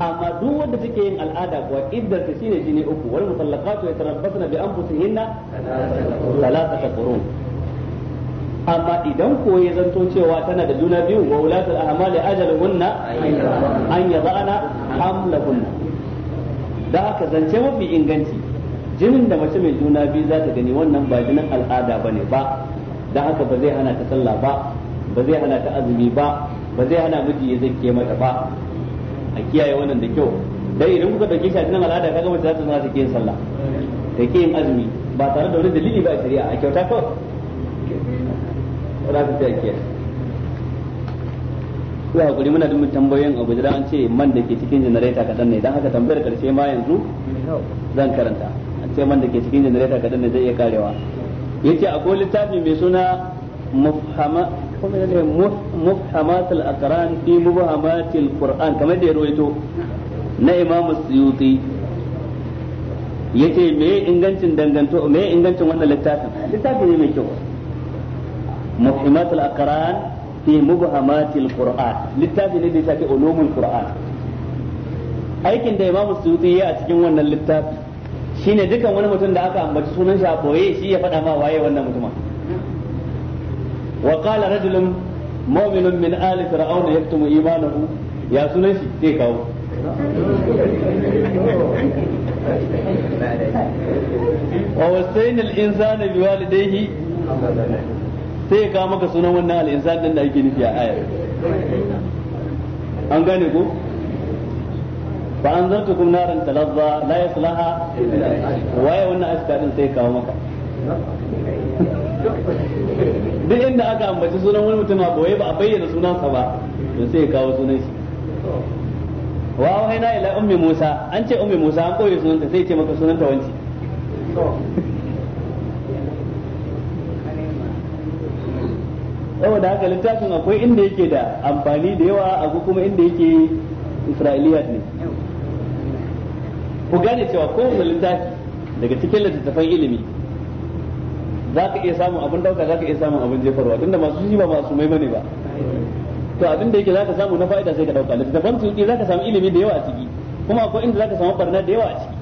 amma duk wanda take yin al'ada kuwa iddar ta shine jini uku wal mutallaqatu yatarabbasna bi anfusihinna thalathata qurun amma idan ko ya zanto cewa tana da juna biyu wa wulatul ahmali ajaluhunna an yadana hamlahunna da haka zance mafi inganci jinin da mace mai juna biyu za ta gani wannan ba jinin al'ada bane ba da haka ba zai hana ta sallah ba ba zai hana ta azumi ba ba zai hana miji ya zake mata ba a kiyaye wannan da kyau dai idan kuka dauke shi a cikin al'ada kaga mace za ta zama take yin sallah ta ke yin azumi ba tare da wani dalili ba shari'a a kyauta kawai za ta ta kiyaye ko hakuri muna dumin tambayoyin abu da an ce man da ke cikin janareta kadan ne dan haka tambayar karshe ma yanzu zan karanta an ce man da ke cikin janareta kadan ne zai iya karewa yace akwai littafi mai suna mufhama kuma ne fi mubhamat al-qur'an kamar da ya rawaito na imam suyuti yace me ingancin danganto me ingancin wannan littafin littafi ne mai kyau mufhamat al fi mubhamat al littafi ne da ya shafi ulumul qur'an aikin da imam ya a cikin wannan littafi shine dukan wani mutum da aka ambaci sunan shi a boye shi ya faɗa ma waye wannan mutumin wa qala rajulun mu'minun min ali fir'aun yaktumu imanahu ya sunan shi sai kawo wa wasaina al sai ka maka sunan wannan al-insan da ake nufi a ayar an gane ko fa anzartukum naran talazza la salaha waye wannan aska din sai kawo maka duk inda aka ambaci sunan wani mutum a boye ba a bayyana sunansa ba to sai ya kawo sunan shi wa wahaina ila ummi musa an ce ummi musa an koyi sunanta sai ce maka sunanta wanci saboda haka littafin akwai inda yake da amfani da yawa a kuma inda yake isra'iliyat ne ku gane cewa kowane littafi daga cikin littattafan ilimi za ka iya samun abin dauka za ka iya samun abin jefarwa tunda masu shi ba masu mai bane ba to abin da yake za ka samu na fa'ida sai ka dauka su tuki za ka samu ilimi da yawa a ciki kuma akwai inda za ka samu barna da yawa a ciki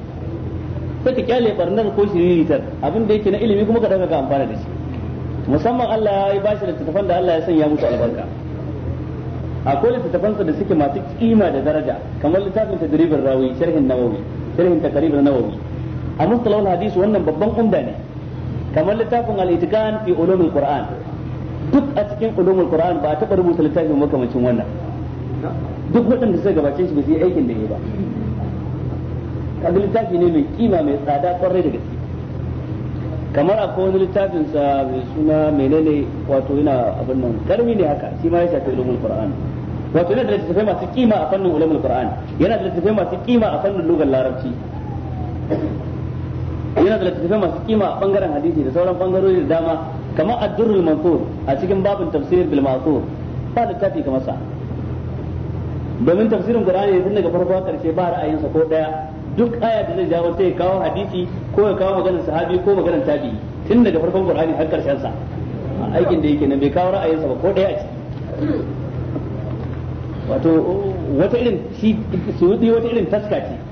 sai ka kyale barnar ko shiriritar abin da yake na ilimi kuma ka dauka ka amfana da shi musamman Allah ya yi bashi littattafan da Allah ya sanya musu albarka akwai littattafansa da suke masu kima da daraja kamar littafin tadribin rawi sharhin nawawi sharhin takaribin nawawi a mustalahul hadisi wannan babban umda ne kamar littafin al-itqan fi ulumul qur'an duk a cikin ulumul qur'an ba taɓa rubuta littafin makamancin wannan duk waɗanda suka gabace shi ba su yi aikin da ya ba kaga littafi ne mai kima mai tsada kwarai da gaske kamar akwai wani littafin sa mai suna menene wato yana abin nan karmi ne haka shi ma ya shafi ulumul qur'an wato yana da littafai masu kima a fannin ulumul qur'an yana da littafai masu kima a fannin lugar larabci yana da littattafai masu kima bangaren hadisi da sauran bangarori da dama kamar addurul mansur a cikin babin tafsir bil ma'thur ba littafi kamar sa domin tafsirin qur'ani tun daga farko karshe ba ra'ayinsa ko daya duk aya da zai jawo sai kawo hadisi ko ya kawo maganar sahabi ko maganar tabi'i tun daga farkon qur'ani har karshen sa aikin da yake nan bai kawo ra'ayinsa ba ko daya a ciki wato wata irin shi suyuti wata irin taska ce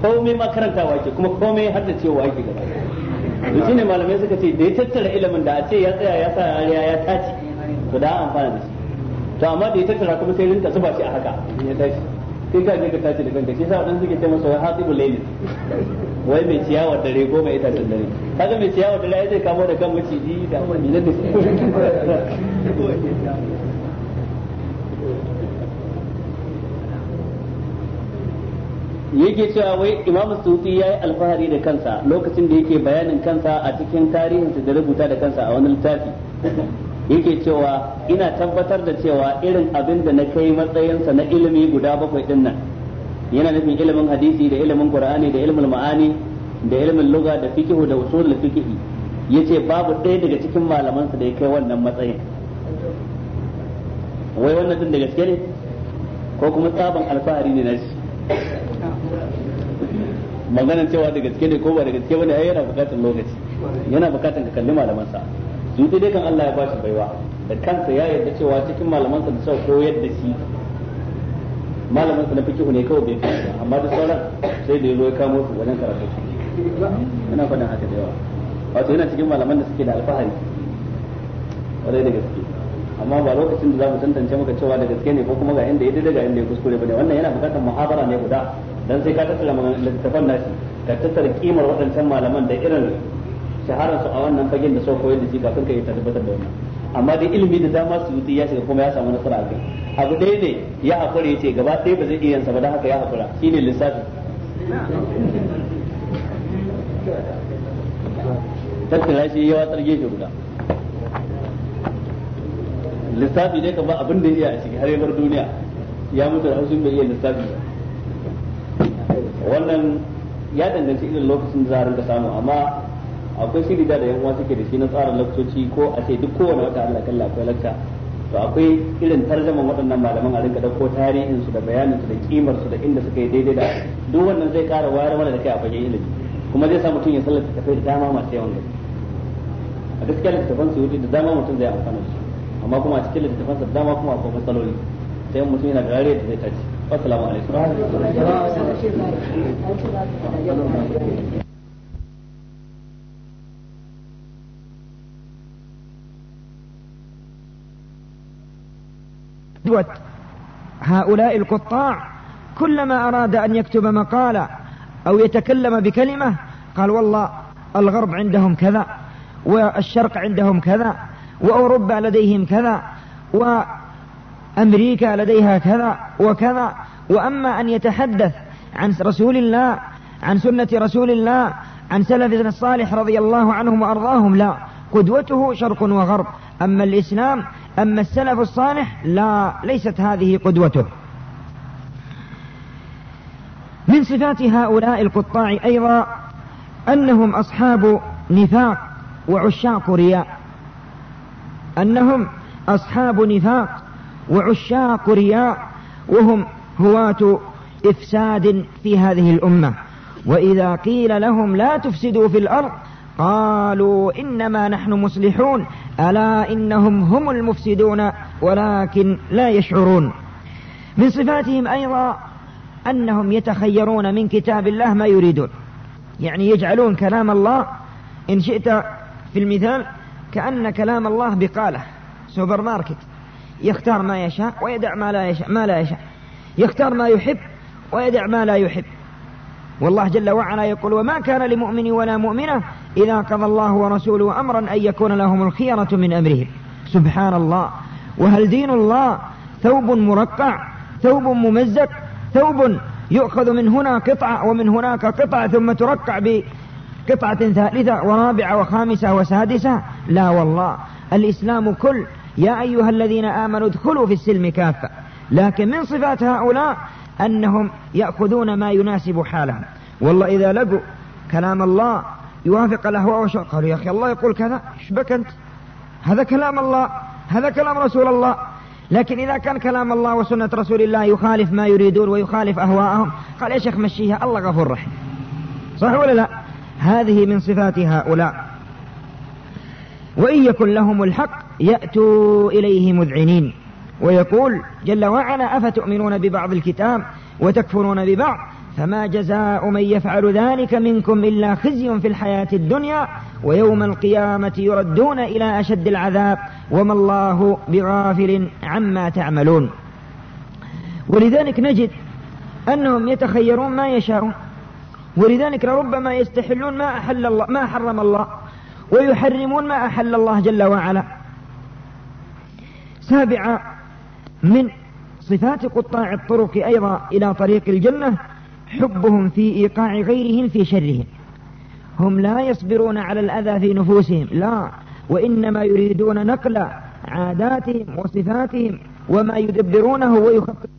komai makaranta wake kuma komai har da cewa wake gaba to shine malamai suka ce da ya tattara ilimin da a ce ya tsaya ya sa ya ya tace to da amfana da shi to amma da ya tattara kuma sai rinka zuba shi a haka ya tashi sai ka je ka tace da kanka shi yasa wadansu suke ce masa wai hatibu lailin wai mai ciyawar dare goma ita da dare kaga mai ciyawar dare zai kamo da kan maciji da wani da shi yake cewa wai imamu sufi ya yi alfahari da kansa lokacin da yake bayanin kansa a cikin tarihinsa da rubuta da kansa a wani littafi yake cewa ina tabbatar da cewa irin abin da na kai matsayinsa na ilimi guda bakwai din nan yana nufin ilimin hadisi da ilimin qur'ani da ilimin ma'ani da ilimin lugha da fikihu da usul fikihi yace babu ɗaya daga cikin malamansa da ya kai wannan matsayin wai wannan din da gaske ne ko kuma tsaban alfahari ne na shi maganar cewa da gaske ne ko ba da gaske bane ai yana bukatar lokaci yana bukatar ka kalli malaman sa su dai kan Allah ya ba shi baiwa da kansa ya yarda cewa cikin malaman sa da sau ko yadda shi malaman sa na fiki ne kawai bai fita amma da sauran sai da yazo ya kamo su wajen karatu ina faɗin haka da yawa wato yana cikin malaman da suke da alfahari kwarai da gaske amma ba lokacin da za mu tantance maka cewa da gaske ne ko kuma ga inda ya daga inda ya kuskure bane wannan yana bukatar muhabara ne guda dan sai ka tattara littafan nashi ka tattara kimar waɗancan malaman da irin shaharar su a wannan fagen da sau koyar da shi kafin ka yi tabbatar da wannan amma dai ilimi da dama su yi ya shiga kuma ya samu nasara kai abu ɗaya ne ya hakura ya ce gaba ɗaya ba zai iya yansa ba don haka ya hakura shine lissafi tattara shi ya watsar gefe guda lissafi ne kamar abin da ya iya a ciki har ya duniya ya mutu da haushin bai iya lissafi ba wannan ya danganci irin lokacin da za da samu amma akwai shiri da da yan suke da shi na tsarin lakcoci ko a ce duk kowane wata Allah kalla akwai lakta to akwai irin tarjaman waɗannan malaman a rinka dauko tarihin su da bayanin su da kimar su da inda suka yi daidai da duk wannan zai ƙara wayar mana da kai a fage ilimi kuma zai sa mutum ya sallata tafai da dama masu yawan gaske a gaskiya littattafan su yi da dama mutum zai amfana da su amma kuma a cikin littattafan da dama kuma akwai matsaloli sai mutum yana da rariya da zai tace والسلام عليكم هؤلاء القطاع كلما أراد أن يكتب مقالة أو يتكلم بكلمة قال والله الغرب عندهم كذا والشرق عندهم كذا وأوروبا لديهم كذا و أمريكا لديها كذا وكذا وأما أن يتحدث عن رسول الله عن سنة رسول الله عن سلفنا الصالح رضي الله عنهم وأرضاهم لا قدوته شرق وغرب أما الإسلام أما السلف الصالح لا ليست هذه قدوته من صفات هؤلاء القطاع أيضا أنهم أصحاب نفاق وعشاق رياء أنهم أصحاب نفاق وعشاق رياء وهم هواة إفساد في هذه الأمة وإذا قيل لهم لا تفسدوا في الأرض قالوا إنما نحن مصلحون ألا إنهم هم المفسدون ولكن لا يشعرون من صفاتهم أيضا أنهم يتخيرون من كتاب الله ما يريدون يعني يجعلون كلام الله إن شئت في المثال كأن كلام الله بقالة سوبر ماركت يختار ما يشاء ويدع ما لا يشاء ما لا يشاء يختار ما يحب ويدع ما لا يحب والله جل وعلا يقول وما كان لمؤمن ولا مؤمنة إذا قضى الله ورسوله أمرا أن يكون لهم الخيرة من أمرهم سبحان الله وهل دين الله ثوب مرقع ثوب ممزق ثوب يؤخذ من هنا قطعة ومن هناك قطعة ثم ترقع بقطعة ثالثة ورابعة وخامسة وسادسة لا والله الإسلام كل يا أيها الذين آمنوا ادخلوا في السلم كافة لكن من صفات هؤلاء أنهم يأخذون ما يناسب حالهم والله إذا لقوا كلام الله يوافق الأهواء وشو قالوا يا أخي الله يقول كذا إيش بك أنت هذا كلام الله هذا كلام رسول الله لكن إذا كان كلام الله وسنة رسول الله يخالف ما يريدون ويخالف أهواءهم قال يا شيخ مشيها الله غفور رحيم صح ولا لا هذه من صفات هؤلاء وإن يكن لهم الحق يأتوا إليه مذعنين ويقول جل وعلا أفتؤمنون ببعض الكتاب وتكفرون ببعض فما جزاء من يفعل ذلك منكم إلا خزي في الحياة الدنيا ويوم القيامة يردون إلى أشد العذاب وما الله بغافل عما تعملون ولذلك نجد أنهم يتخيرون ما يشاءون ولذلك لربما يستحلون ما أحل الله ما حرم الله ويحرمون ما أحل الله جل وعلا سابعة من صفات قطاع الطرق أيضا إلى طريق الجنة حبهم في إيقاع غيرهم في شرهم هم لا يصبرون على الأذى في نفوسهم لا وإنما يريدون نقل عاداتهم وصفاتهم وما يدبرونه ويخطط